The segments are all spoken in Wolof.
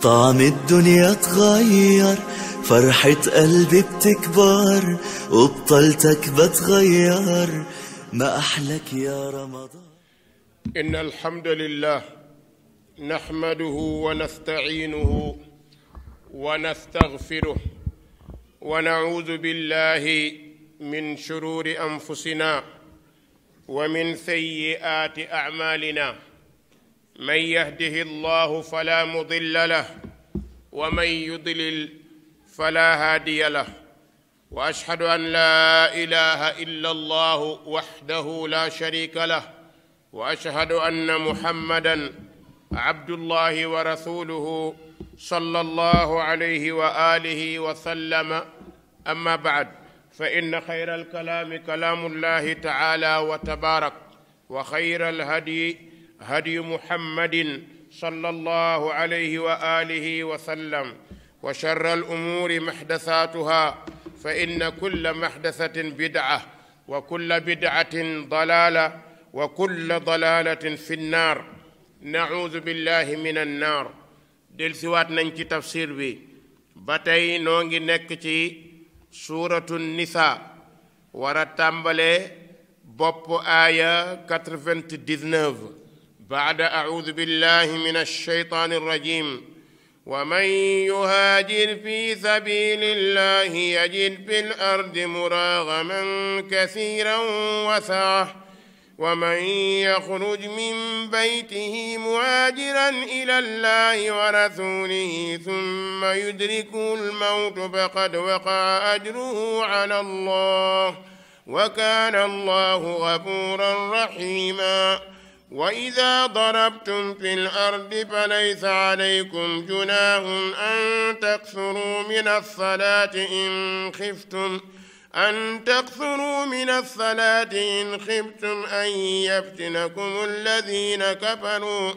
طعم الدنيا اتغير فرحة قلبي بتكبر وبطلتك بتغير ما أحلك يا رمضان إن الحمد لله نحمده ونستعينه ونستغفره ونعوذ بالله من شرور أنفسنا ومن سيئات أعمالنا من يهده الله فلا مضل له ومن يضلل فلا هادي له واشهد ان لا اله الا الله وحده لا شريك له واشهد ان محمدا عبد الله ورسوله صلى الله عليه واله وسلم اما بعد فان خير الكلام كلام الله تعالى وتبارك وخير الهدي هدي محمد صلى الله عليه واله وسلم وشر الامور محدثاتها فان كل محدثه بدعه وكل بدعه ضلاله وكل ضلاله في النار نعوذ بالله من النار delsiwaat nañ ci tafsir bi ba tey noo ngi nekk ci suuratu nisaa war a tàmbale bopp aaya 99 بعد أعوذ بالله من الشيطان الرجيم ومن يهاجر في سبيل الله يجد في الأرض مراغما كثيرا وسعه ومن يخرج من بيته مهاجرا إلى الله ورسوله ثم يدركه الموت فقد وقع أجره على الله وكان الله غفورا رحيما وإذا ضربتم في الأرض فليس عليكم جناح أن تكثروا من الصلاة إن خفتم أن تكثروا من الصلاة إن خفتم أن يفتنكم الذين كفروا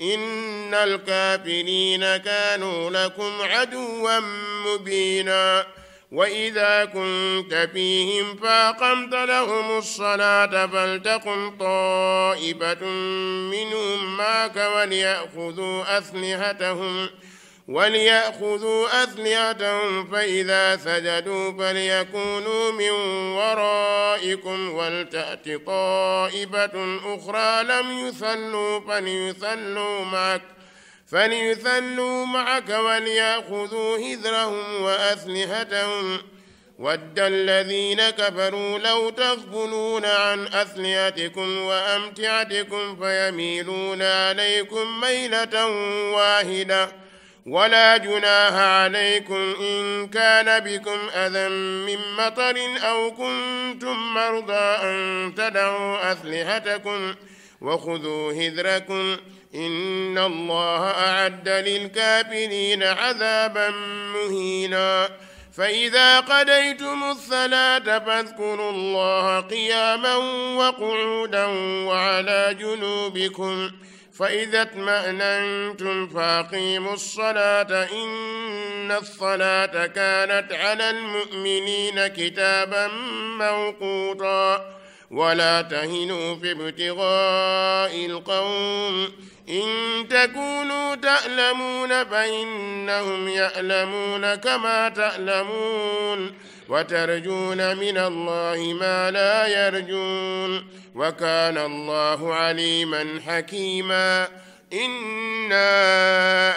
إن الكافرين كانوا لكم عدوا مبينا وإذا كنت فيهم فأقمت لهم الصلاة فلتقم طائفة منهم معك وليأخذوا أسلحتهم وليأخذوا أسلحتهم فإذا سجدوا فليكونوا من ورائكم ولتأت طائفة أخرى لم يصلوا فليصلوا معك ۖ فليثنوا معك وليأخذوا حذرهم وأسلحتهم ود الذين كفروا لو تغفلون عن أسلحتكم وأمتعتكم فيميلون عليكم ميلة واحدة ولا جناح عليكم إن كان بكم أذى من مطر أو كنتم مرضى أن تدعوا أسلحتكم وخذوا هذركم إن الله أعد للكافرين عذابا مهينا فإذا قضيتم الصلاة فاذكروا الله قياما وقعودا وعلى جنوبكم فإذا اطمأننتم فأقيموا الصلاة إن الصلاة كانت على المؤمنين كتابا موقوتا ولا تهنوا في ابتغاء القوم إن تكونوا تألمون فإنهم يألمون كما تألمون وترجون من الله ما لا يرجون وكان الله عليما حكيما إنا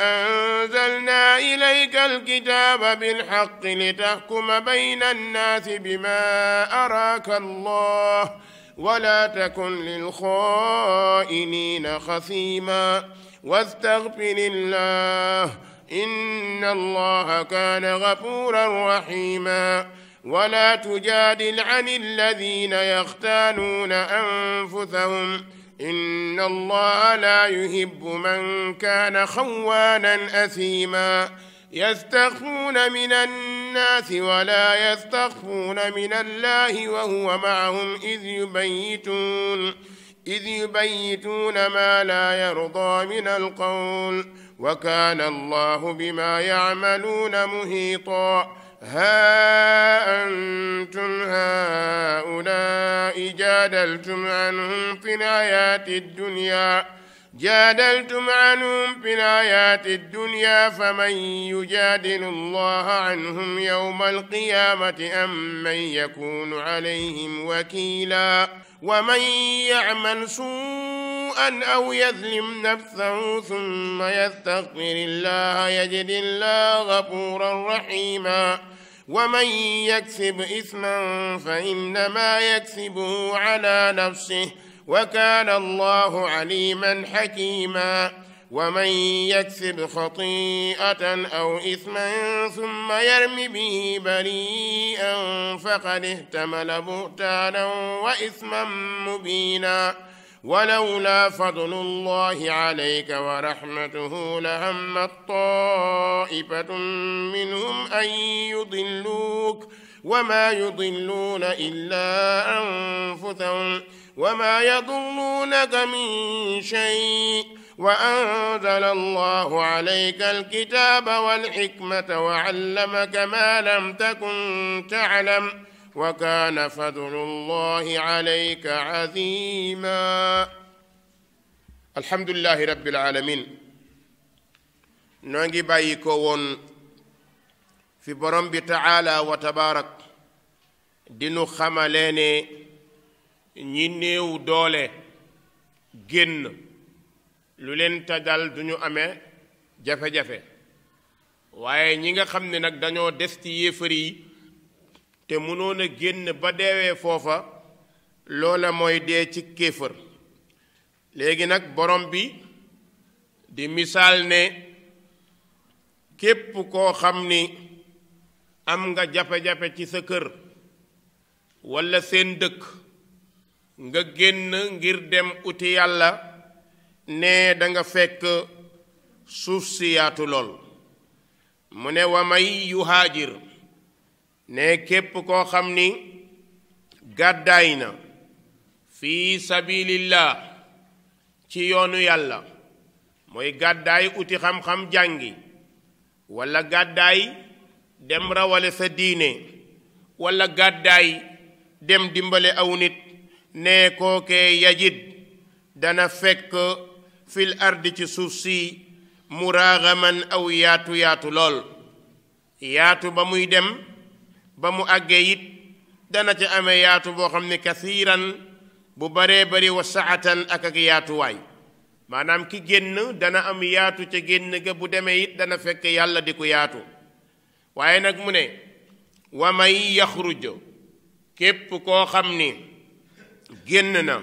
أنزلنا إليك الكتاب بالحق لتحكم بين الناس بما أراك الله ولا تكن للخائنين خصيما واستغفر الله إن الله كان غفورا رحيما ولا تجادل عن الذين يختانون أنفسهم إن الله لا يحب من كان خوانا أثيما يستخفون من الناس ولا يستخفون من الله وهو معهم إذ يبيتون إذ يبيتون ما لا يرضى من القول وكان الله بما يعملون مهيطا ها أنتم هؤلاء جادلتم عنهم في الحياة الدنيا جادلتم عنهم في الآيات الدنيا فمن يجادل الله عنهم يوم القيامة أم من يكون عليهم وكيلا ومن يعمل سوءا أو يظلم نفسه ثم يستغفر الله يجد الله غفورا رحيما ومن يكسب إثما فإنما يكسبه على نفسه وكان الله عليما حكيما ومن يكسب خطيئة أو إثما ثم يرم به بريئا فقد احتمل بهتانا وإثما مبينا ولولا فضل الله عليك ورحمته لهم طائفة منهم أن يضلوك وما يضلون إلا أنفسهم وما يضرونك من شيء وأنزل الله عليك الكتاب والحكمة وعلمك ما لم تكن تعلم وكان فضل الله عليك عظيما الحمد لله رب العالمين نوغي بايكو وون في برم تعالى وتبارك دينو خماليني ñi néew doole génn lu leen tajal du ñu amee jafe-jafe waaye ñi nga xam ne nag dañoo des ci yéefar yi te mënoon a génn ba deewee foofa loola mooy dee ci kéefar léegi nag borom bi di misaal ne képp koo xam ni am nga jafe-jafe ci sa kër walla seen dëkk nga génn ngir dem uti yàlla ne danga fekk suuf si yaatu lool mu ne wa may yuhaajir ne képp koo xam ni gàddaay na fii sabilillah ci yoonu yàlla mooy gàddaay uti xam-xam jàngi walla gàddaay dem rawale sa diine walla gàddaay dem dimbale aw nit ne kookee yajid dana fekk fil ardi ci suuf si muraaxaman aw yaatu yaatu lool yaatu ba muy dem ba mu àggee it dana ca ame yaatu boo xam ne kathiiran bu baree bari wa saatan ak ak yaatuwaay maanaam ki génn dana am yaatu ca génn ga bu demee it dana fekk yàlla di ko yaatu waaye nag mu ne wa may yaxruj képp koo xam ni génn na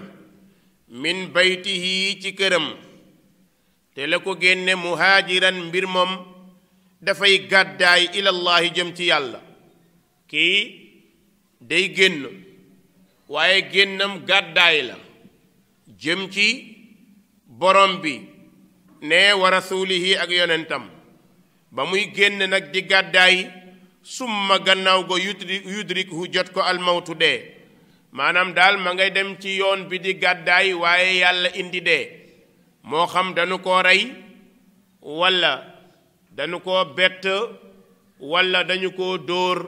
min baytihi ci këram te la ko génne muhaajiran mbir moom dafay gàddaay ilallaahi jëm ci yàlla kii day génn waaye génnam gàddaay la jëm ci borom bi ne wa rasuulihi ak yonentam ba muy génn nag di gàddaay summa gannaaw go yudrik yudrik jot ko almawtu de maanaam daal ma ngay dem ci yoon bi di gàddaay waaye yàlla indi de moo xam dañu ko rey walla dañu ko bett walla dañu ko dóor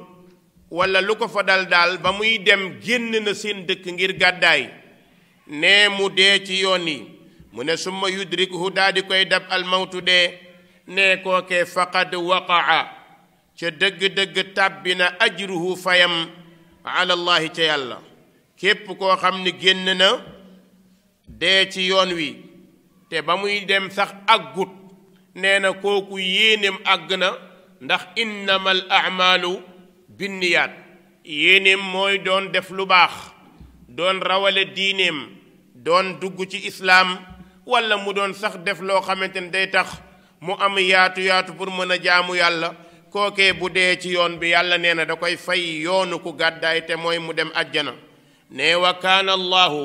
walla lu ko fa dal daal ba muy dem génn na seen dëkk ngir gàddaay nee mu dee ci yoon yi mu ne summa yudrikhu daal koy dab almawtu dee nee kookee faqad waqaa ca dëgg-dëgg tàbbi na ajruhu fayam ala ca yàlla képp koo xam ni génn na dee ci yoon wi te ba muy dem sax àggut nee na kooku yéeneem àgg na ndax innamal amalu binniyaat yéeneem mooy doon def lu baax doon rawale diineem doon dugg ci islaam walla mu doon sax def loo xamante ne day tax mu am yaatu yaatu pour mën a jaamu yàlla kooke bu dee ci yoon bi yàlla nee na da koy fay yoonu ku gàddaay te mooy mu dem àjjana ne wa kaana allahu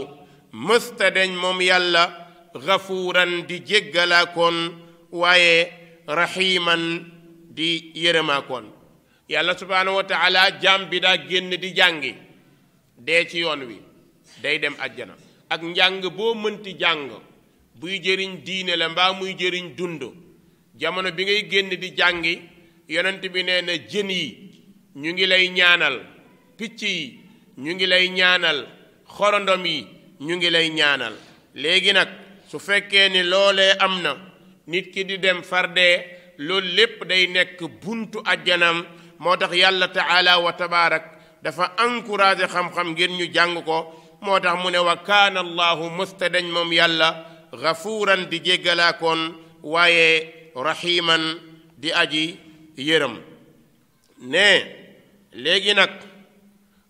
mësta deñ moom yàlla gafuuran di jéggalaakoon waaye raxiiman di yërëmaakoon yàlla subhaanahu wa taala jaam bi daa génn di jàngi dee ci yoon wi day dem àjjana ak njàng boo mënti jàng buy jëriñ diine la mbaa muy jëriñ dund jamono bi ngay génn di jàngi yonent bi nee na jën yi ñu ngi lay ñaanal picc yi ñu ngi lay ñaanal xorondom yi ñu ngi lay ñaanal léegi nag su fekkee ni loolee am na nit ki di dem farde loolu lépp day nekk buntu ajjanam moo tax yàlla taala wa tabaarak dafa encouragé xam-xam ngir ñu jàng ko moo tax mu ne wa kaana allahu mustadañ moom yàlla gafuuran di jéggalaakoon waaye raximan di aji yërëm ne léegi nag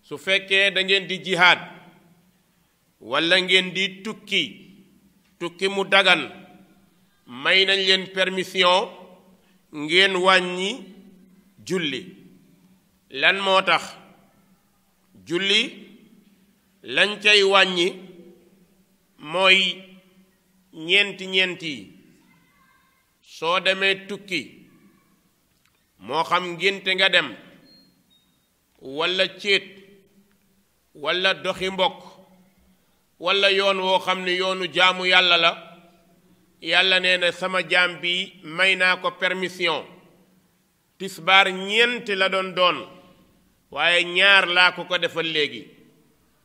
su fekkee da ngeen di jihaad walla ngeen di tukki tukki mu dagan may nañ leen permission ngeen wàññi julli lan moo tax julli lañ cay wàññi mooy ñeenti ñeenti soo demee tukki moo xam ngénte nga dem walla céet walla doxi mbokk walla yoon woo xam ne yoonu jaamu yàlla la yàlla nee na sama jaam bi may naa ko permission tisbaar ñeent la doon doon waaye ñaar laa ko ko defal léegi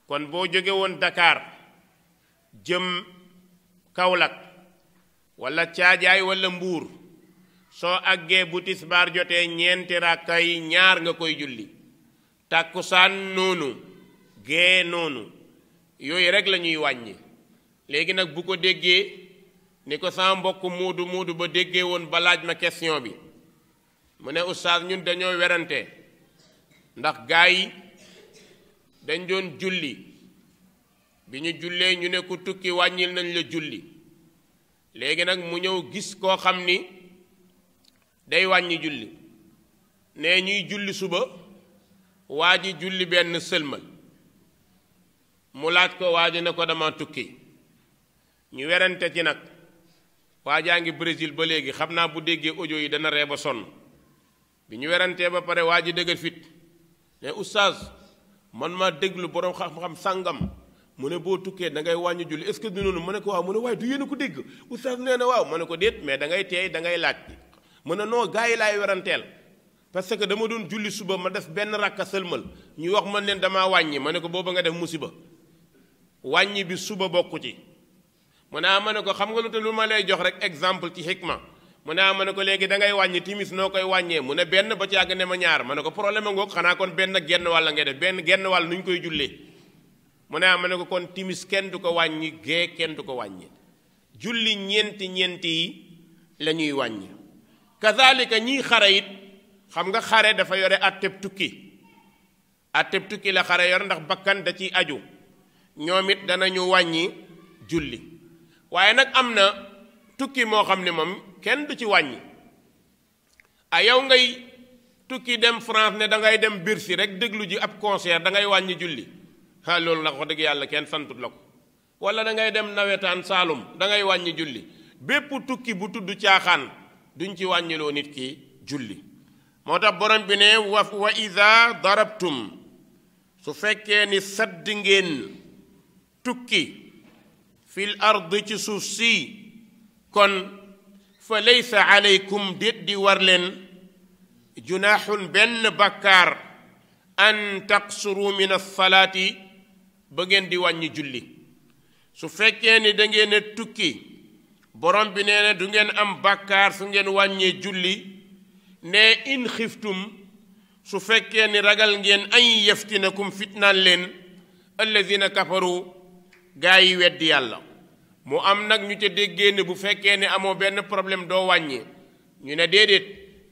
kon boo jóge woon jëm Kaolack walla Caajaay walla Mbuur soo àggee bu tisbaar jotee ñeenti rakka yi ñaar nga koy julli tàkkusaan noonu gee noonu yooyu rek lañuy wàññi léegi nag bu ko déggee ni ko sama mbokk muudu muudu ba déggee woon ba laaj ma question bi mu ne oustaz ñun dañoo werante ndax gaa yi dañ doon julli bi ñu jullee ñu ne ku tukki wàññil nañ la julli léegi nag mu ñëw gis koo xam ni day wàññi julli ne ñuy julli suba waa ji julli benn sëlmal mu laaj ko waa ji ne ko dama tukki ñu werante ci nag waa jaa ngi Brésil ba léegi xam naa bu déggee ojo yi dana ree ba sonn bi ñu werantee ba pare waa ji dëgër fit ne oustaz man maa déglu borom xam-xam sàngam mu ne boo tukkee da ngay wàññi julli est-ce que du noonu mu ne ko waaw mu ne waaye du yéen a ko dégg oustaz nee na waaw ma ne ko déet mais da ngay teey da laaj mën a noo gars yi laay weranteel parce que dama doon julli suba ma def benn rakka sëlmal ñuy wax man leen damaa wàññi ma ne ko booba nga def musiba wàññi bi suba bokku ci mu ne ah, ma ne ko xam nga lu te lu ma lay jox rek exemple ci xikma mu ne ah, ma ne ko léegi da ngay wàññi timis noo koy wàññee mu ne benn ba ci yàgg ma ñaar ma ne ko problème a ngoog xanaa kon benn genn wàll ngay def benn genn wàll nu ñu koy jullee mu ne ah, ma ne ko kon timis kenn du ko wàññi gee kenn du ko wàññi julli ñeenti ñeenti yi lañuy ñuy wàññi kazalika ñiy xare it xam nga xare dafa yore atteb tukki atteb tukki la xare yore ndax bakkan da ciy aju ñoom it danañu wàññi julli waaye nag am na tukki moo xam ni moom kenn du ci wàññi a yow ngay tukki dem France ne da ngay dem Bercy rek déglu ji ab concert da ngay wàññi julli ha loolu nag wax dëgg yàlla kenn santut la ko wala da ngay dem nawetaan Saalum dangay wàññi julli bépp tukki bu tudd caaxaan duñ ci wàññiloo nit ki julli moo tax borom bi ne wa waisa ida darabtum su fekkee ni sadd ngeen tukki fi ard ci suuf si kon fa laysa aleykum déet di war leen junaaxun benn bàkkaar an taqsuru min alsalaati ba ngeen di wàññi julli su fekkee ni da a tukki borom bi nee na du ngeen am bàkkaar su ngeen wàññee julli ne in xiftum su fekkee ni ragal ngeen ay yaftinakum fitnaan leen alladina kafaru gaa yi weddi yàlla mu am nag ñu ca déggee bu fekkee ni amoo benn problème doo wàññi ñu ne déedéet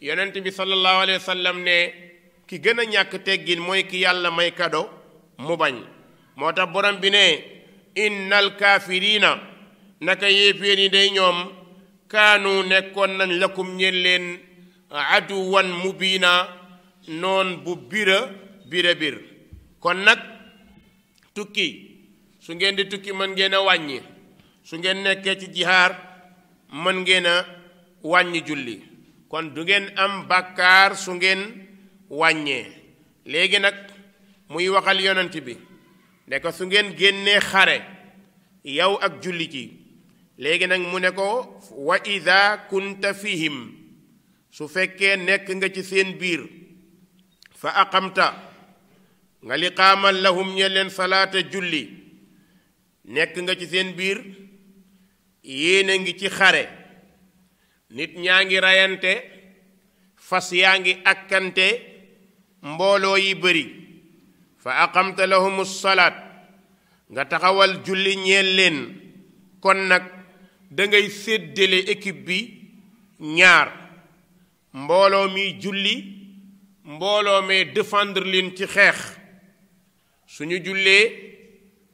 yonent bi sallallahu alayhi wa ne ki gën a ñàkk teggin mooy ki yàlla may kado mu bañ moo tax borom bi ne innal kaafiriina naka yéeféer yi day ñoom kaanu nekkoon nañ lakum ñeen leen mu biina noon bu bira bira bir kon nag tukki su ngeen di tukki mën ngeen a wàññi su ngeen nekkee ci jihaar mën ngeen a wàññi julli kon du ngeen am bàkkaar su ngeen wàññee léegi nag muy waxal yonent bi ne ko su ngeen génnee xare yow ak julli ci léegi nag mu ne ko wa ida kunta fihim su fekkee nekk nga ci seen biir fa axamta nga liqaamal lahum ñe leen salaata julli nekk nga ci seen biir yéen ngi ci xare nit ñaa ngi rayante fas yaa ngi akkante mbooloo yi bëri fa aqamta salaat nga taxawal julli ñeel leen kon nag dangay séddale ekip bi ñaar mbooloo mi julli mbooloo mee défendre leen ci xeex suñu jullee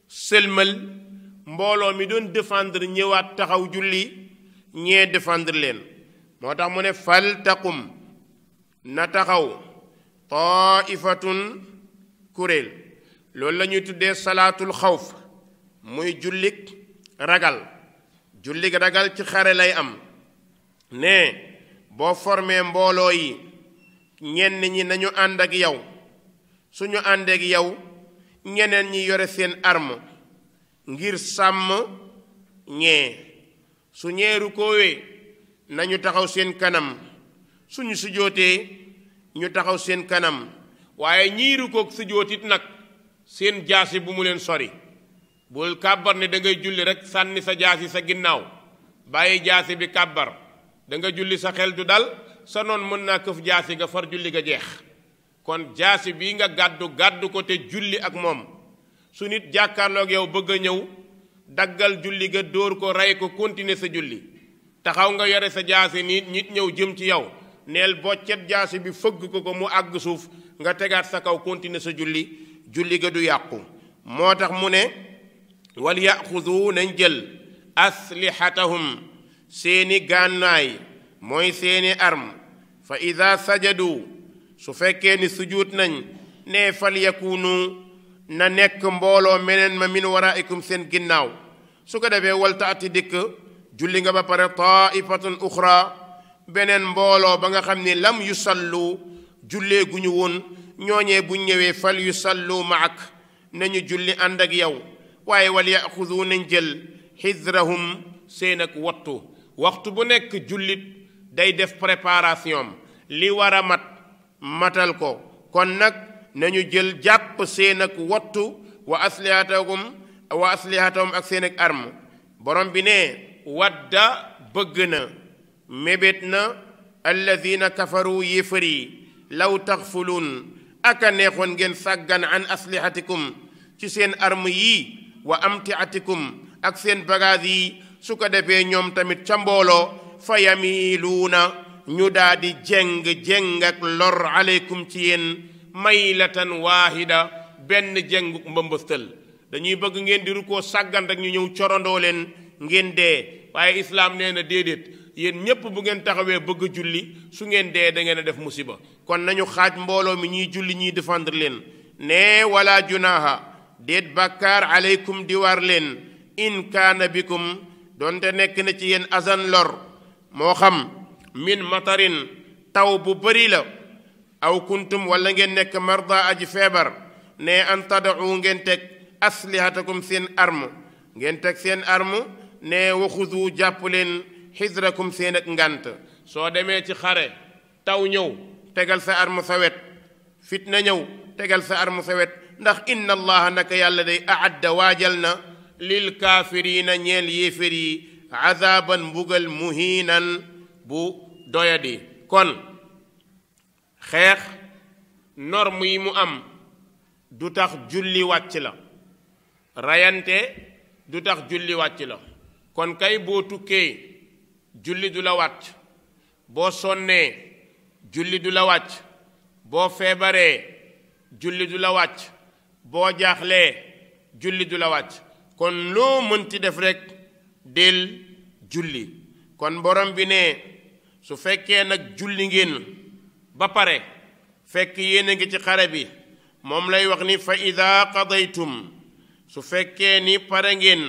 sëlmal mbooloo mi doon défendre ñëwaat taxaw julli ñee défendre leen moo tax mu ne fal takkum na taxaw taifatun kuréel loolu lañuy tuddee salaatul xawf muy jullik ragal jullik ragal ci xare lay am ne boo formé mbooloo yi ñenn ñi nañu ànd ak yow suñu ànd ak yow ñeneen ñi yore seen arme ngir sàmm ñee su ñeeru koowee nañu taxaw seen kanam suñu sujootee ñu taxaw seen kanam waaye ñiiru koog sujootit nag seen jaas yi bu mu leen sori bul kàbbar ni da ngay julli rek sànni sa jaas yi sa ginnaaw bàyyi jaasi bi kàbbar danga julli sa xel du dal sa noon mën naa këf yi nga far julli nga jeex kon jaasi bii nga gàddu gàddu ko te julli ak moom su nit jàkkaarloog yow bëgg a ñëw daggal julli ga dóor ko rey ko continuer sa julli taxaw nga yore sa jaasi nit nit ñëw jëm ci yow neel boccet jaasi bi fëgg ko ko mu àgg suuf nga tegaat sa kaw continuer sa julli julli ga du yàqu moo tax mu ne wal yaxudu nañ jël aslihatahum seeni gànnaay mooy seeni arm fa ida sajadu su fekkee ni sujuut nañ ne na nekk mbooloo meneen ma mi min waraikum seen ginnaaw su ko defee wal taati dikk julli nga ba pare taifatun uxra beneen mbooloo ba nga xam ni lam yu sallu jullee gu ñu woon ñooñee bu ñëwee fal yu sallu maak ñu julli ànd ak yow waaye wal yaxudu nañ jël xidrahum seen ak wattu waxtu bu nekk jullit day def préparation li war a mat matal ko kon nag nañu jël jàpp seen ak wattu wa aslihatahum ak seen ak arme borom bi ne wadda bëgg na mebet na alladina kafaru yéefar yi law taxfuluun aka neexoon ngeen sàggan an aslihatikum ci seen arme yi wa amtiatikum ak seen bagage yi su ko defee ñoom tamit ca mbooloo fa yamiluuna ñu daldi di jeng jeng ak lor aleykum ci yéen maylatan waahida benn jëngu mbëmbëstal dañuy bëgg ngeen di rukkoo sàggan rek ñu ñëw corondoo leen ngeen dee waaye islaam nee na déedéet yéen ñépp bu ngeen taxawee bëgg a julli su ngeen dee da ngeen a def musiba kon nañu xaaj mbooloo mi ñuy julli ñuy défendre leen nee wala junaaha déet bàkkaar aleykum di war leen in kaana bikum donte nekk na ci yéen azan lor moo xam min matarin taw bu bari la aw kuntum wala ngeen nekk marda aji feebar ne an tadau ngeen teg seen arm ngeen teg seen arme ne waxudu jàpp leen xisrakum seen ak ngànt soo demee ci xare taw ñëw tegal sa arme sa wet fitna ñëw tegal sa arme sa wet ndax inna naka yàlla day aadda waajal na lil kaafiriina ñeel yéefér yi azaaban mbugal muhiinan bu doyadi kon xeex norm yi mu am du tax julli wàcc la rayante du tax julli wàcc la kon kay boo tukkee julli du la wàcc boo sonnee julli du la wàcc boo feebaree julli du la wàcc boo jaaxlee julli du la wàcc kon loo mënti def rekk del julli kon borom bi ne su fekkee nag julli ngeen ba pare fekk yéen a ngi ci xare bi moom lay wax ni fa ida qadaytum su fekkee ni pare ngeen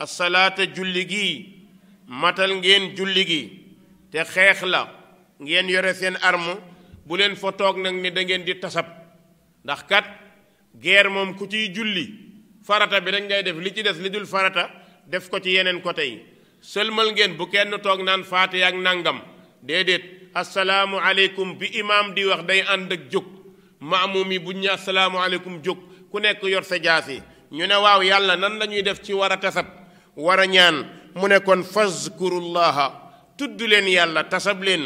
asalaata julli gi matal ngeen julli gi te xeex la ngeen yore seen arme bu leen fa toog nag ni dangeen ngeen di tasab ndax kat guerre moom ku ciy julli farata bi rek ngay def li ci des li dul farata def ko ci yeneen côté yi sëlmal ngeen bu kenn toog naan faat faate ak nangam déedéet asalaamu aleykum bi imaam di wax day ànd ak jóg maamum yi bu ñu ne asalaamu jóg ku nekk yor sa jaasi ñu ne waaw yàlla nan lañuy def ci war a tasab war a ñaan mu ne kon fazkurullaha tudd leen yàlla tasab leen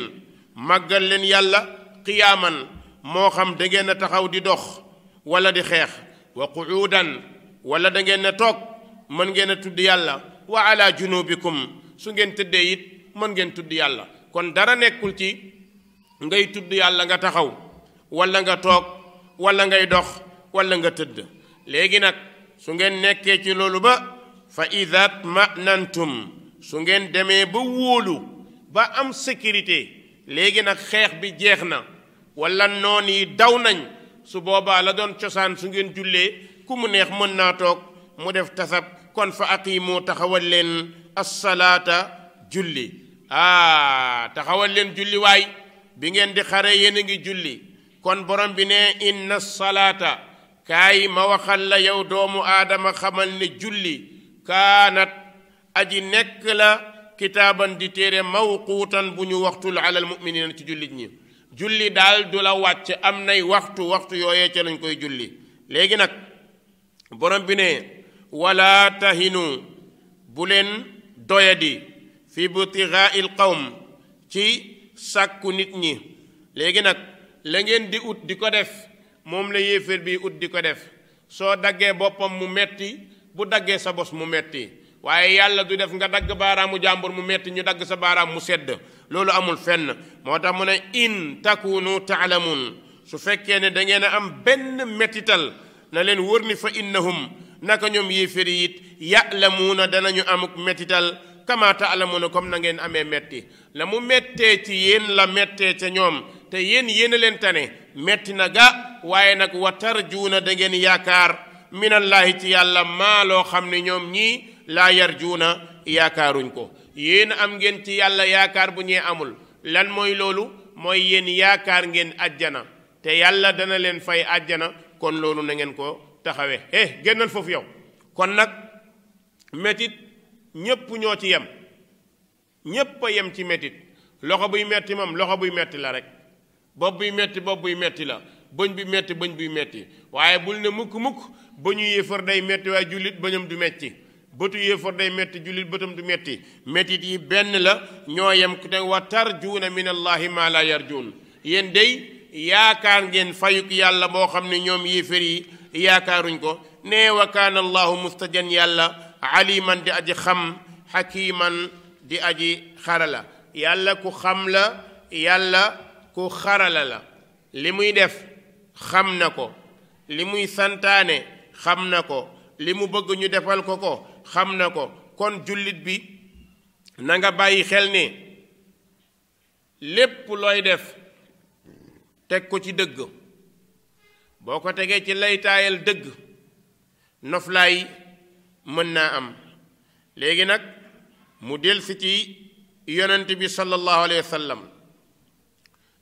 màggal leen yàlla qiyaaman moo xam da ngeen a taxaw di dox wala di xeex wa quudan wala dangeen ngeen a toog mën ngeen a tudd yàlla wa ala junubikum su ngeen tëddee it mën ngeen tudd yàlla kon dara nekkul ci ngay tudd yàlla nga taxaw walla nga toog wala ngay dox wala nga tëdd léegi nag su ngeen nekkee ci loolu ba fa ma manantum su ngeen demee ba wóolu ba am sécurité léegi nag xeex bi jeex na wala noon yi daw nañ su boobaa la doon cosaan su ngeen jullee ku mu neex mën naa toog mu def tasab kon fa moo taxawal leen assalaata julli aa ah, taxawal leen julliwaay bi ngeen di xare yéen a ngi julli kon borom bi ne inna salaata kaay ma waxal la yow doomu aadama xamal ne julli kaanat aji nekk la kitaaban di téere mawquutan bu ñu waxtul alal muminina ci jullit ñi julli daal du la wàcc am nay waxtu waxtu yooyee ca lañ koy julli léegi nag borom bi ne wala tahinu bu leen doyadi fi butigail qawm ci sàkku nit ñi léegi nag la ngeen di ut di ko def moom la yéeféer bii ut di ko def soo daggee boppam mu metti bu daggee sa bos mu metti waaye yàlla du def nga dagg baaraamu jàmbur mu metti ñu dagg sa baaraam mu sedd loolu amul fenn moo tax mu ne in takunu taalamun su fekkee ne dangeen a am benn mettital na leen wër ni fa innahum naka ñoom yéeféer yi it ya'lamuuna danañu amuk mettital kama taalamuuna comme na ngeen amee metti la mu mettee ci yéen la mettee ca ñoom te yéen yéen a leen tane metti na ga waaye nag wa tarjuuna da ngeen yaakaar minallaahi ci yàlla maa loo xam ne ñoom ñii laa juuna yaakaaruñ ko yéen am ngeen ci yàlla yaakaar bu ñee amul lan mooy loolu mooy yéen yaakaar ngeen àjjana te yàlla dana leen fay àjjana kon loolu na ngeen ko taxawee eh génnal foofu yow kon nag métit ñépp ñoo ci yem ñépp a yem ci métit loxo buy metti moom loxo buy metti la rek bopp buy metti bopp buy metti la bëñ bi metti bëñ buy metti waaye bul ne mukk-mukk ba ñu yéefar day metti waaye jullit bëñam du metti bëtu bëtam du metti mettit yi benn la ñoo yem ku ne wa tarjuuna min allahi ma la yarjuun yéen day yaakaar ngeen fayuk yàlla boo xam ne ñoom yéefar yi yaakaaruñ ko nee wa mustajan yàlla aliman di aji xam xakiman di aji xarala yàlla ku xam la yàlla ku xarala la li muy def xam na ko li muy santaane xam na ko li mu bëgg ñu defal ko ko xam na ko kon jullit bi na nga bàyyi xel ne lépp looy def teg ko ci dëgg boo ko tegee ci laytaayal dëgg noflaay mën naa am léegi nag mu delsi ci yonent bi sallallahu alayhi wa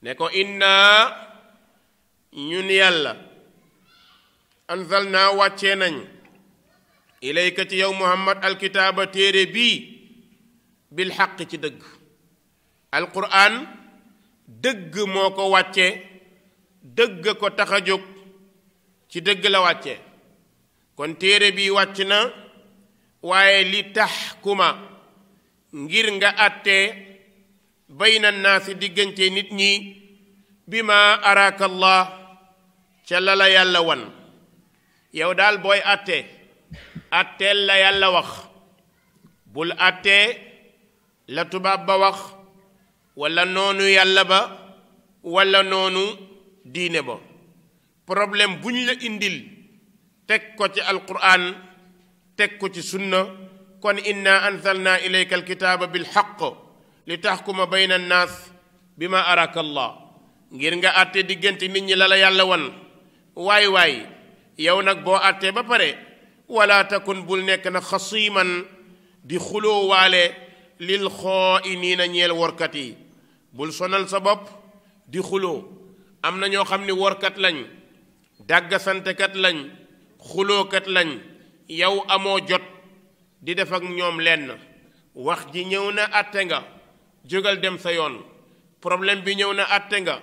ne ko innaa ñun yàlla anzalnaa wàccee nañ ilayka ci yow muhammad alkitaaba téere bii bil xaq ci dëgg alquran dëgg moo ko wàcce dëgg ko tax a jóg ci dëgg la wàcce kon téere bi wàcc na waaye li tax taxkuma ngir nga àttee bayna naasi diggante nit ñi bi ma araka ca la la yàlla wan yow daal booy àttee àtteel la yàlla wax bul àttee la tubaab ba wax walla noonu yàlla ba walla noonu diine ba problème bu ñu la indil teg ko ci alquran teg ko ci sunna kon inna anzalna ilayka alkitaaba bilxaq li taxkuma bayna annaas bi ma araka allah ngir nga àtte diggante nit ñi la yàlla wan waay waay yow nag boo àttee ba pare wala takun bul nekk na xasiiman di xuloo xuloowaale lil xaa'iniina ñeel workat yi bul sonal sa bopp di xuloo am na ñoo xam ni workat lañ dàggasantekat lañ xulookat lañ yow amoo jot di def ak ñoom lenn wax ji ñëw na àtte nga jógal dem sa yoon problème bi ñëw na àtte nga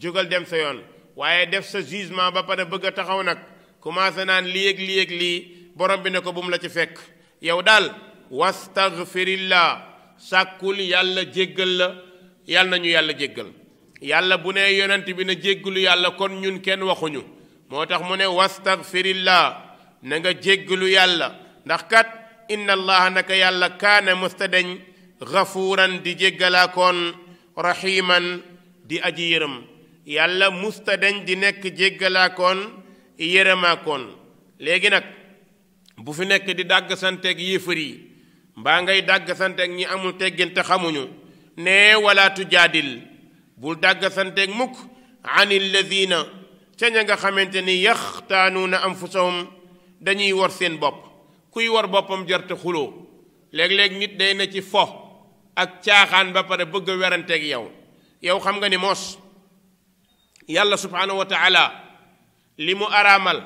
jógal dem sa yoon waaye def sa jugement ba pare bëgg a taxaw nag commencé naan lii yéeg li ak lii borom bi ne ko bu mu la ci fekk yow daal wastaghfirillah sàkkul yàlla jéggal la yàlla nañu yàlla jéggal yàlla bu ne yonent bi na jéggalu yàlla kon ñun kenn waxuñu moo tax mu ne wastaghfirillah na nga jéggalu yàlla ndax kat inna allaha naka yàlla kaana mustadañ gafuuran di jéggalaakoon raximan di aji yërëm yàlla mustadañ di nekk jéggalaakoon yërëmaakoon léegi nag bu fi nekk di dàggasanteek santeeg yéefar yi mbaa ngay dàggasanteek ñi amul teggin xamuñu nee wala tujaadil bul dàgg santeeg mukk an illadina ca ña nga xamante ni yaxtaanuuna anfusahum dañuy war seen bopp kuy war boppam jarte xuloo léeg-léeg nit day na ci fo ak caaxaan ba bëgg a weranteeg yow yow xam nga ni moos yàlla subhaanahu wa li mu araamal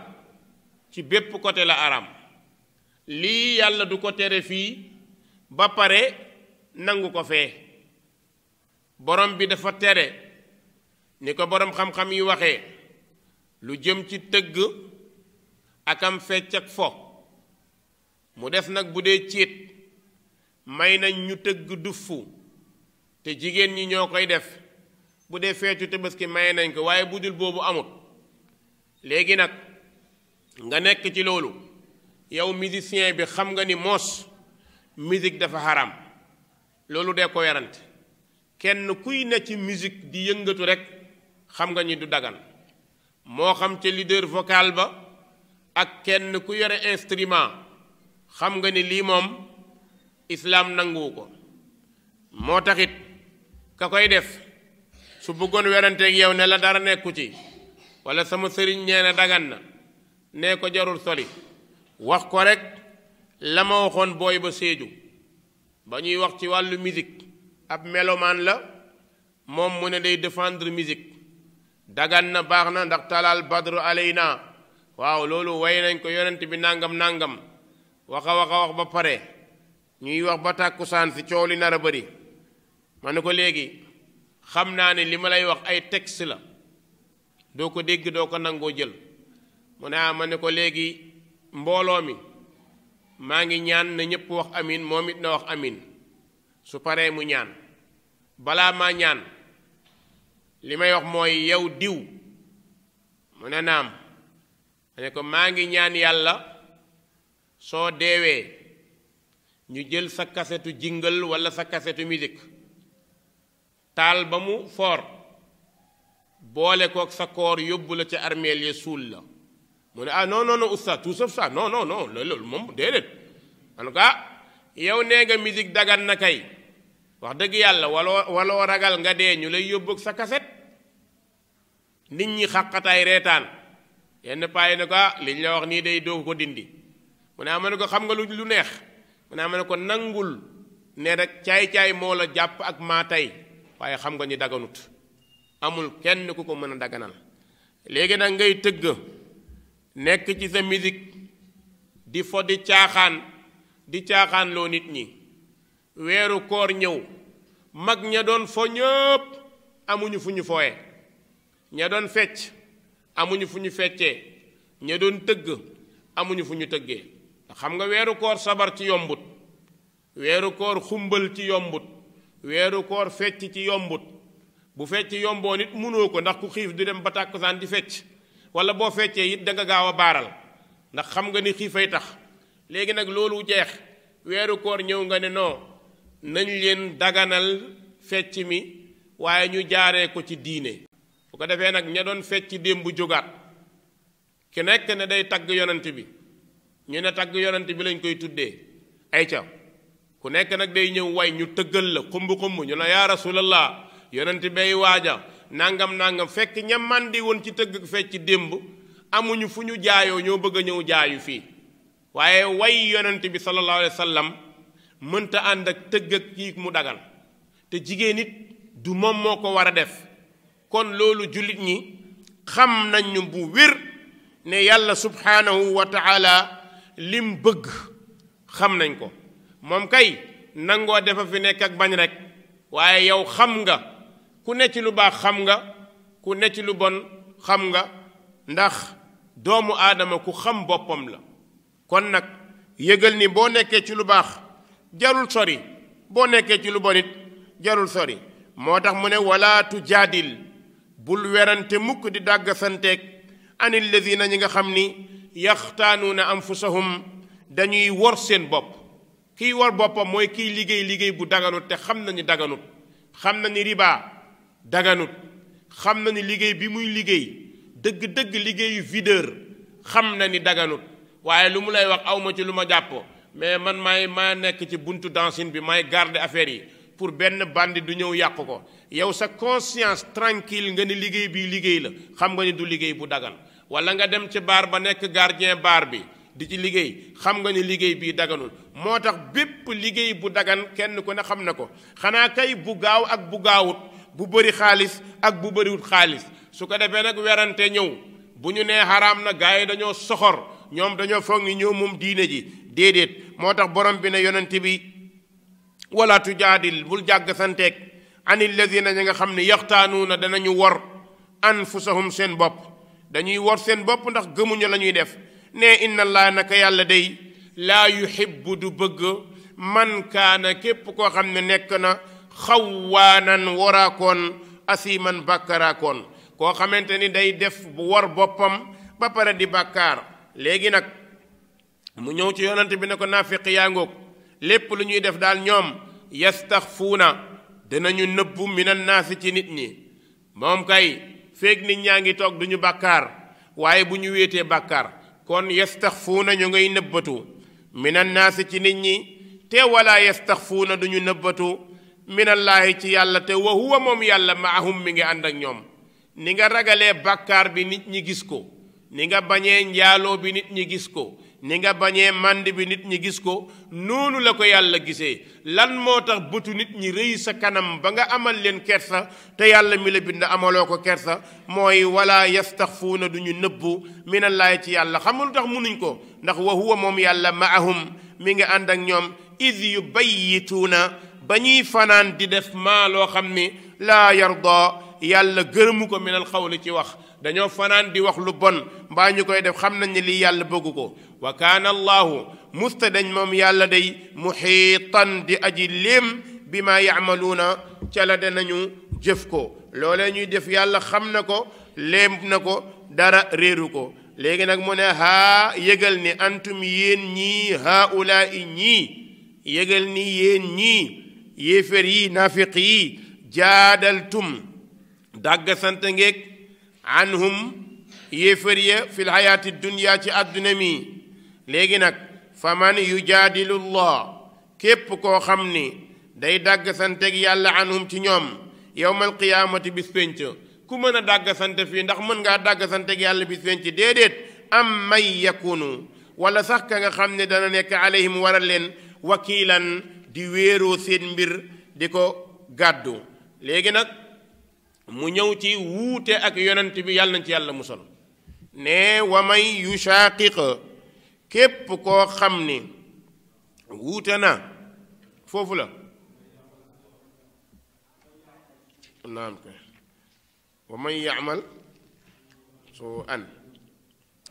ci bépp côté la araam lii yàlla du ko tere fii ba pare nangu ko fee borom bi dafa tere ni ko borom xam-xam yi waxee lu jëm ci tëgg akam fecc ak fo mu des nag bu dee ciit may nañ ñu tëgg duffu te jigéen ñi ñoo koy def bu dee feetu tabaski may nañ ko waaye bu dul boobu amut léegi nag nga nekk ci loolu yow musicien bi xam nga ni moos misik dafa xaram loolu de ko werante kenn kuy ne ci musique di yëngatu rek xam nga ñi du dagan moo xam ca leader vocal ba ak kenn ku yore instrument xam nga ni lii moom islaam nanguwu ko moo taxit ka koy def su bëggoon weranteek yow ne la dara nekku ci wala sama sëriñ nee na dagan na nee ko jarul soli wax ko rek la ma waxoon booy ba seeju ba ñuy wax ci wàllu misik ab melomaan la moom mu ne day defendre musique daggan na baax na ndax talaal badru aleyna waaw loolu way nañ ko yonent bi nangam nangam wax a wax a wax ba pare ñuy wax ba tàkkusaan si coow li nar a bari ma ne ko léegi xam naa ni li ma lay wax ay texte la doo ko dégg doo ko nangoo jël mu ne ah, ma ne ko léegi mbooloo mi maa ngi ñaan na wax amin moom it na wax amin su paree mu ñaan balaa maa ñaan li may wax mooy yow diw mu ne naam ne ko maa ngi ñaan yàlla soo deewee ñu jël sa kasetu jingal walla sa kasetu misik taal ba mu foor boole kook sa koor yóbbu la ca armeel ya suul la mu ne ah non non non oustaz tout sauf ça non non non loolu moom déedéet en tout cas yow nee nga musique dagan na kay wax dëgg yàlla waloo waloo ragal nga dee ñu lay yóbbu sa kaset nit ñi xàqataay reetaan yenn paayi ne ko ah li la wax nii day doo ko dindi mu ne ama ah, ne ko xam nga lu lu neex mu ne ama ah, ne ko nangul ne rek caay-caay moo la jàpp ak maa tey waaye xam nga ni daganut amul kenn ku ko mën a daganal léegi nag ngay tëgg nekk ci sa musique di fo di caaxaan di caaxaanloo nit ñi weeru koor ñëw mag ña doon fo ñëpp amuñu fu ñu foye ña doon fecc amuñu fu ñu feccee ña doon tëgg amuñu fu ñu tëggee xam nga weeru koor sabar ci yombut weeru koor xumbal ci yombut weeru koor fecc ci yombut bu fecc yomboon it mënoo ko ndax ku xiif du dem ba tàkkusaan di fecc wala boo feccee it danga gaaw a baaral ndax xam nga ni xiifay tax léegi nag loolu jeex weeru koor ñëw nga ne non nañ leen daganal fecc mi waaye ñu jaaree ko ci diine ko defee nag ña doon fecc démb jógaat ki nekk ne day tagg yonent bi ñu ne tagg bi lañ koy tuddee ay ca ku nekk nag day ñëw way ñu tëggal la xumb-xumb ñu ne yaa rasulallah yonent bay waaja nangam nangam fekk ña màndi woon ci tëgg fecc démb amuñu fu ñu jaayoo ñoo bëgg a ñëw jaayu fii waaye way yonent bi sallallahu alayhi wa mënta ànd ak tëgg ak kii mu dagal te jigéen it du moom moo ko war a def kon loolu jullit ñi xam nañ nañu bu wér ne yàlla subhaanahu wa taala lim bëgg xam nañ ko moom kay nangoo defa fi nekk ak bañ rek waaye yow xam nga ku ne ci lu baax xam nga ku ne lu bon xam nga ndax doomu aadama ku xam boppam la kon nag yëgal ni boo nekkee ci lu baax jarul sori boo nekkee ci lu bon jarul sori moo tax mu ne wala tujaadil bul werante mukk di dàgg santeeg an yi ñi nga xam ni na yaxtaanuuna anfusahum dañuy war seen bopp kiy war boppam mooy kiy liggéey liggéey bu daganut te xam na ni daganut xam na ni riba daganut xam na ni liggéey bi muy liggéey dëgg-dëgg liggéeyu videur xam na ni daganut waaye lu mu lay wax awma ci lu ma jàpp mais man maay maa nekk ci buntu dancine bi maay garder affaire yi pour benn bandi du ñëw yàq ko yow sa conscience tranquille nga ni liggéey bi liggéey la xam nga ni du liggéey bu dagan wala nga dem ci baar ba nekk gardien baar bi di ci liggéey xam nga ne liggéey bii daganul moo tax bépp liggéey bu dagan kenn ku ne xam ne ko xanaa kay bu gaaw ak bu gaawut bu bëri xaalis ak bu bëriwut xaalis su ko defee nag werante ñëw bu ñu nee xaraam na gars yi dañoo soxor ñoom dañoo foog ni ñëw moom diine ji déedéet moo tax wala tujaadil bul jàgg santeeg ani lazina ñi nga xam ne yaxtaanu yaxtaanuuna danañu wor anfusahum seen bopp dañuy wor seen bopp ndax gëmuñu lañuy def ne inna allah naka yàlla day laa yuhibbu du bëgg man kaana képp koo xam ne nekk na xawwaanan waraakoon asiman bàkkaraakoon koo xamante ni day def bu war boppam ba pare di bàkkaar léegi nag mu ñëw ci yonante bi ne ko naafiq yaa ngoog lépp lu ñuy def daal ñoom tax yastaxfuuna dinañu nëbbu minan naasi ci nit ñi moom kay feeg nit ñaa ngi toog duñu bàkkaar waaye bu ñu wéetee bàkkaar kon tax yastaxfuuna ñu ngay nëbbatu minan naasi ci nit ñi te wala yastaxfuuna duñu nëbbatu minallaahi ci yàlla te wa huwa moom yàlla maahum mi ngi ànd ak ñoom ni nga ragalee bàkkaar bi nit ñi gis ko ni nga bañee njaaloo bi nit ñi gis ko ni nga bañee mànd bi nit ñi gis ko noonu la ko yàlla gisee lan moo tax bëtu nit ñi rëy sa kanam ba nga amal leen kersa te yàlla mi la bind amaloo ko kersa mooy wala yastaxfuuna du duñu nëbbu minallaay ci yàlla xamul tax munuñ ko ndax wa moom yàlla maahum mi nga ànd ak ñoom id yu na ba ñuy fanaan di def maa loo xam ni laa yarda yàlla gërëmu ko minal xawli ci wax dañoo fanaan di wax lu bon mbaa ñu koy def xam nañ ne lii yàlla bëggu ko wa kaana allaahu musta dañ moom yàlla day muxiitan di aji léem bi maa yaamaluuna ca la danañu jëf ko loolee ñuy def yàlla xam na ko léem na ko dara réeru ko léegi nag mu ne haa yëgal ni antum yéen ñii haulaai ñii yëgal ni yéen ñii yéefér yi naafiq yi jaadaltum dàgg anhum yéefar ya fi lxayaati dunya ci àdduna mi léegi nag fa man yujaadilu llah képp koo xam ni day dàgg yàlla anhum ci ñoom yowmal qiyaamati bis pénc ku mën a dàgg fii ndax mën ngaa dàgg santeeg yàlla bis ci déedéet am may yakunu wala sax ka nga xam ne dana nekk alayhim waral leen wakiilan di wéeroo seen mbir di ko gàddu léegi nag mu ñëw ci wuute ak yonent bi yàlla nañ ci yàlla sol ne wa may yushaaqiq képp koo xam ni wuute na foofu la naam kay wa may yaamal soo an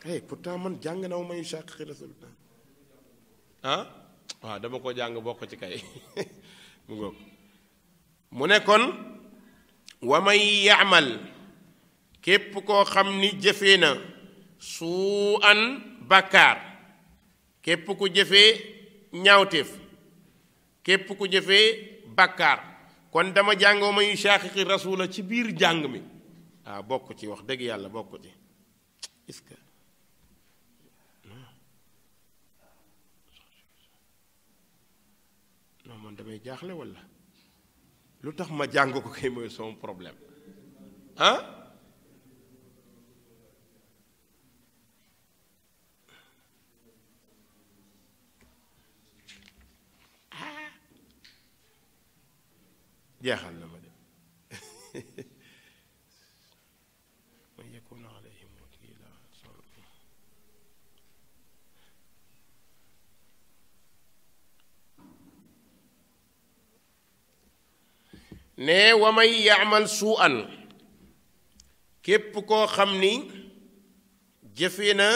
eh, man jàng na wa may yushaaqiq rasul ah waaw dama ko jàng bokk ci kay mu ngoog wa man yaamal képp koo xam ni jëfee na suu an bàkkaar képp ku jëfee ñaawteef képp ko jëfe bàkkaar kon dama jàng wa man yushaaqiqi rasula ci biir jàng mi waaw ah, bokk ci wax dëgg yàlla bokk ci est-ce man damay jaaxle walla lu tax ma jàng ko kay mooy sama problème ah jeexal na ma de ne wa may yaamal suu an képp koo xam ni jëfe na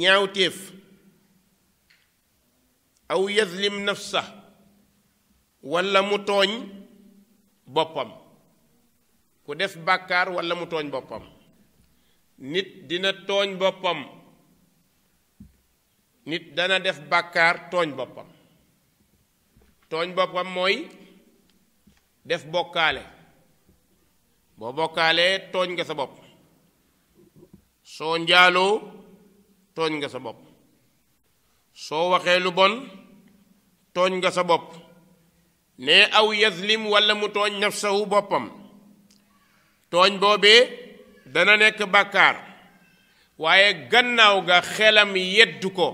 ñaawteef aw yazlim nafsa walla mu tooñ boppam ku def bàkkaar walla mu tooñ boppam nit dina tooñ boppam nit dana def bàkkaar tooñ boppam tooñ boppam mooy def bokkaale boo bokkaalee tooñ nga sa bopp soo njaaloo tooñ nga sa bopp soo waxee lu bon tooñ nga sa bopp ne aw yazlim walla mu tooñ nafsahu boppam tooñ boobee dana nekk bàkkaar waaye gannaaw ga xelam yeddu ko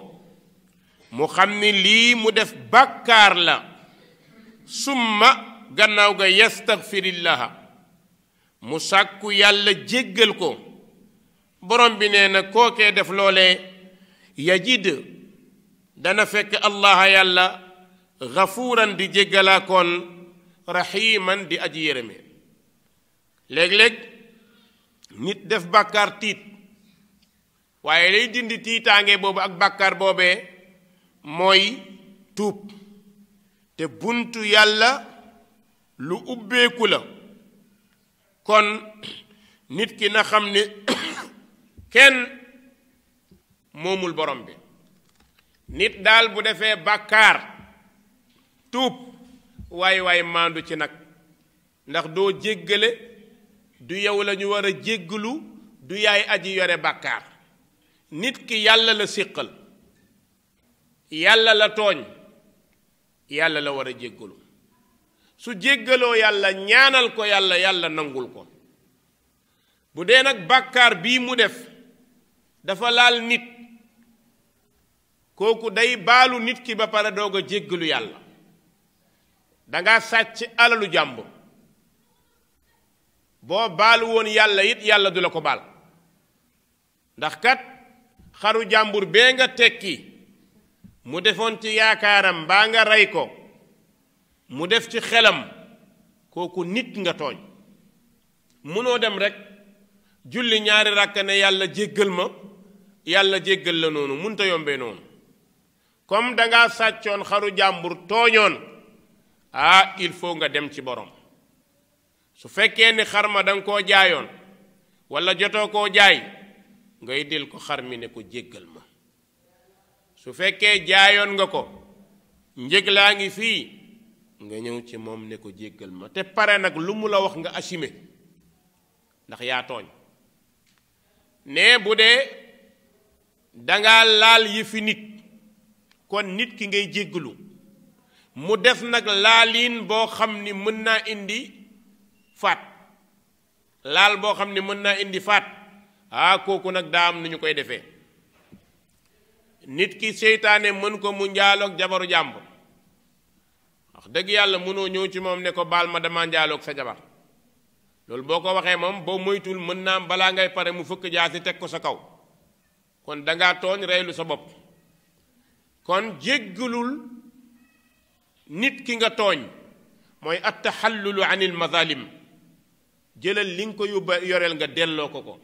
mu xam ni lii mu def bàkkaar la summa gannaaw ga yastaxfirillaha mu sàkku yàlla jéggal ko borom bi nee na kookee def loolee yajid dana fekk allaha yàlla xafuuran di jéggalaakoon raxiiman di aji yërëme léeg-léeg nit def bàkkaar tiit waaye lay dindi tiitaange boobu ak bàkkaar boobee mooy tuub te buntu yàlla lu ubbeeku la kon nit ki na xam ne kenn moomul borom bi nit daal bu defee bàkkaar tuub waay waay maandu ci nag ndax doo jéggale du yow lañu ñu war a jéggalu du yaay aji yore bàkkaar nit ki yàlla la séqal yàlla la tooñ yàlla la war a jéggalu su jéggaloo yàlla ñaanal ko yàlla yàlla nangul ko bu dee nag bàkkaar bii mu def dafa laal nit kooku day baalu nit ki ba pare doog a jéggalu yàlla danga sàcc alalu jàmbur boo baalu woon yàlla it yàlla du la ko baal ndax kat xaru jàmbur bee nga tekki mu defoon ci yaakaaram baa nga rey ko mu def ci xelam kooku nit nga tooñ mënoo dem rekk julli ñaari ràkka ne yàlla jéggal ma yàlla jéggal la noonu munta yombe noonu comme danga sàccoon xaru jàmbur tooñoon ah il faut nga dem ci borom su fekkee ni xar ma danga koo jaayoon wala jotoo koo jaay ngay dil ko xar mi ne ko jéggal ma su fekkee jaayoon nga ko njëg laa ngi fii nga ñëw ci moom ne ko jéggal ma te pare nag lu mu la wax nga assumé ndax yaa tooñ ne bu dee danga laal yi fi nit kon nit ki ngay jéggalu mu def nag laaliin boo xam ni mën naa indi faat laal boo xam ni mën naa indi faat ah kooku nag daa am nu ñu koy defee nit ki seytaane mën ko mu njaaloog jabaru jàmbur dëgg yàlla mënoo ñëw ci moom ne ko baal ma dama njaaloog sa jabar loolu boo ko waxee moom boo moytul mën naa am balaa ngay pare mu fëkk jaasi teg ko sa kaw kon dangaa tooñ reylu sa bopp kon jéggalul nit ki nga tooñ mooy at attaxallulu anil mazalim jëlal li nga ko yóbba yoreel nga delloo ko ko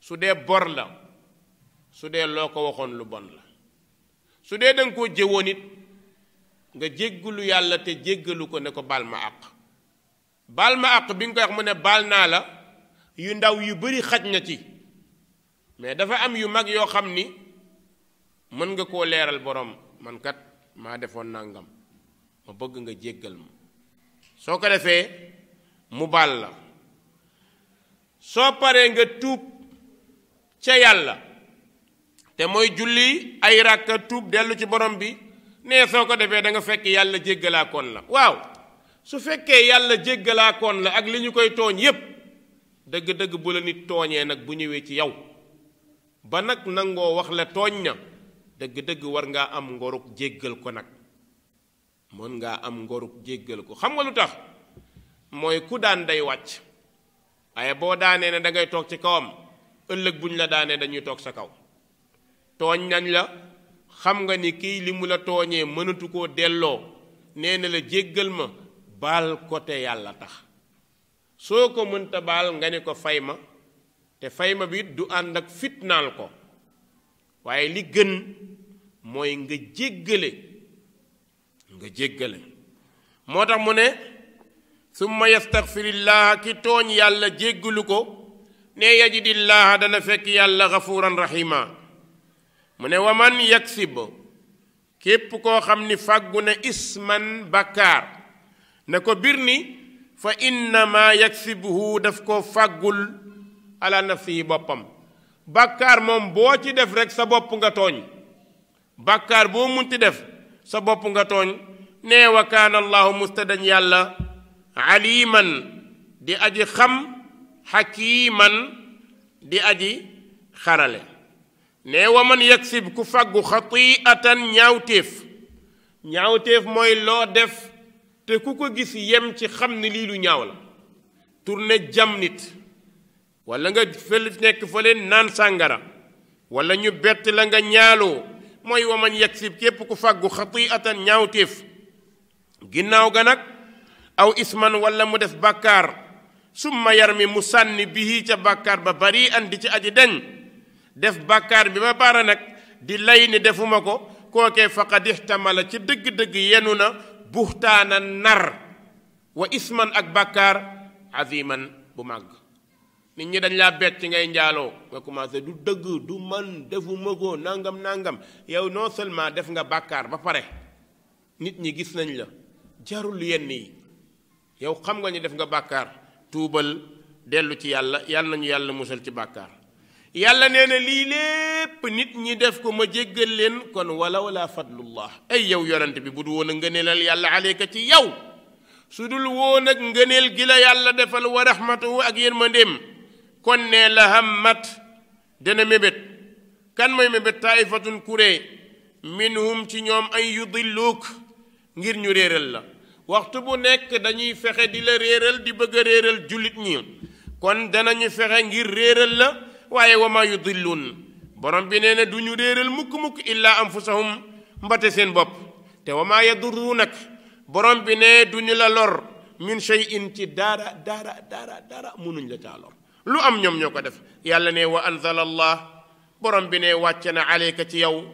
su dee bor la su dee loo ko waxoon lu bon la su dee danga koo jëwoon it nga jéggalu yàlla te jéggalu ko ne ko baal ma àq baal ma àq bi nga ko wax mu ne baal naa la yu ndaw yu bari xaj na ci mais dafa am yu mag yoo xam ni mën nga koo leeral borom man kat maa defoon nangam ma bëgg nga jéggal ma soo ko defee mu baal la soo paree nga tuub ca yàlla te mooy julli ay ràkka tuub dellu ci borom bi nee soo ko defee danga fekk yàlla jéggalaakoon la waaw su fekkee yàlla jéggalaakoon la ak li ñu koy tooñ yépp dëgg-dëgg bu la nit tooñee nag bu ñëwee ci yow ba nag nangoo wax la tooñ na dëgg-dëgg war ngaa am ngoru jéggal ko nag mën ngaa am ngoru jéggal ko xam nga lu tax mooy ku daan day wàcc waaye boo daanee ne dangay toog ci kawam ëllëg bu ñu la daanee dañuy toog sa kaw tooñ nañ la xam nga ni kii li mu la tooñee mënatu koo delloo nee na la jéggal ma baal ko te yàlla tax soo ko mënta baal nga ne ko fay ma te fay ma bi du ànd ak fitnaal ko waaye li gën mooy nga jéggale nga jéggale moo tax mu ne summa yastaxfirillaha ki tooñ yàlla jéggalu ko ne yajidillaaha dana fekk yàlla gafuuran rahima mu ne waman yaksib képp koo xam ni fàggu na isman bàkkaar na ko bir ni fa innama yaksibuhu daf ko fàggul ala fi boppam bàkkaar moom boo ci def rekk sa bopp nga tooñ bàkkaar boo munti def sa bopp nga tooñ nee wa kaana allahu mustadan yàlla aliman di aji xam xakiiman di aji xarale ne wa man yaksib ku fàggu xatiatan ñaawteef ñaawtéef mooy loo def te ku ko gis yem ci xam ne lii lu ñaaw la tourné jam nit walla nga fël nekk fa leen naan sàngara wala ñu bett la nga ñaaloo mooy wa man yaksib képp ku fàggu xatiatan ñaawteef ginnaaw ga nag aw isman wala mu def bàkkaar summa yar mi mu sànni bihi ca bàkkaar ba bari an ci aji deñ def bàkkaar bi ba pare nag di lay ni defuma ko kookee faqad ixtamala ci dëgg-dëgg yenu na buxtaana nar wa isman ak bàkkaar aziman bu màgg nit ñi dañ laa bett ci ngay njaaloo nga commencé du dëgg du man defuma ko nangam nangam yow noo seulement def nga bàkkaar ba pare nit ñi gis nañ la jarul yenn yi yow xam nga ni def nga bàkkaar tuubal dellu ci yàlla yàlla nañu yàlla musal ci bàkkaar yàlla nee na lii lépp nit ñi def ko ma jéggal leen kon walaw laa fadlullah ay yow yonent bi bu du woon a yàlla aleyka ci yow su dul woon ak ngëneel gi la yàlla defal wa rahmatuhu ak yërmandeem kon nee la hammat dana mébét kan mooy mébét taaifatun kuré minhum ci ñoom ay yudilluuk ngir ñu réeral la waxtu bu nekk dañuy fexe di la réeral di bëgg a réeral jullit ñi kon danañu fexe ngir réeral la waaye wa ma yudilluun borom bi nee na du ñu réeral mukk-mukk illaa anfusahum mbate seen bopp te wa ma yadurru nag borom bi ne du ñu la lor min shay'in ci dara dara dara munuñ la caa lor lu am ñoom ñoo ko def yàlla ne wa anzala allah borom bi ne wàcce na aleyka ci yow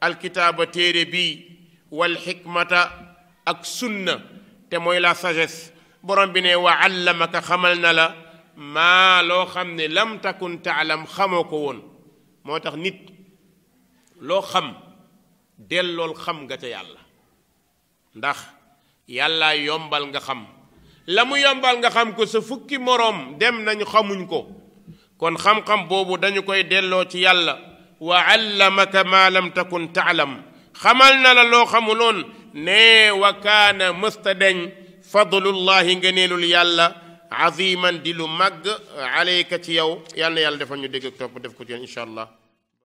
alkitaaba téere bi wal xikmata ak sunna te mooy la sagesse borom bi ne wa allamaka xamal na la maa loo xam ne lam takun taalam xamoo ko woon moo tax nit loo xam dellool xam nga ca yàlla ndax yàlla yombal nga xam la mu yombal nga xam ko sa fukki moroom dem nañu xamuñ ko kon xam-xam boobu dañu koy delloo ci yàlla wa allamaka maa lam takun taalam xamal na la loo xamuloon ne wa kaana mësta deñ fadlullahi ngeneelul yàlla aziman di lu màgg aleyka ci yow yal na yàlla defal ñu dégg ak topp def ko ci yéen incha allah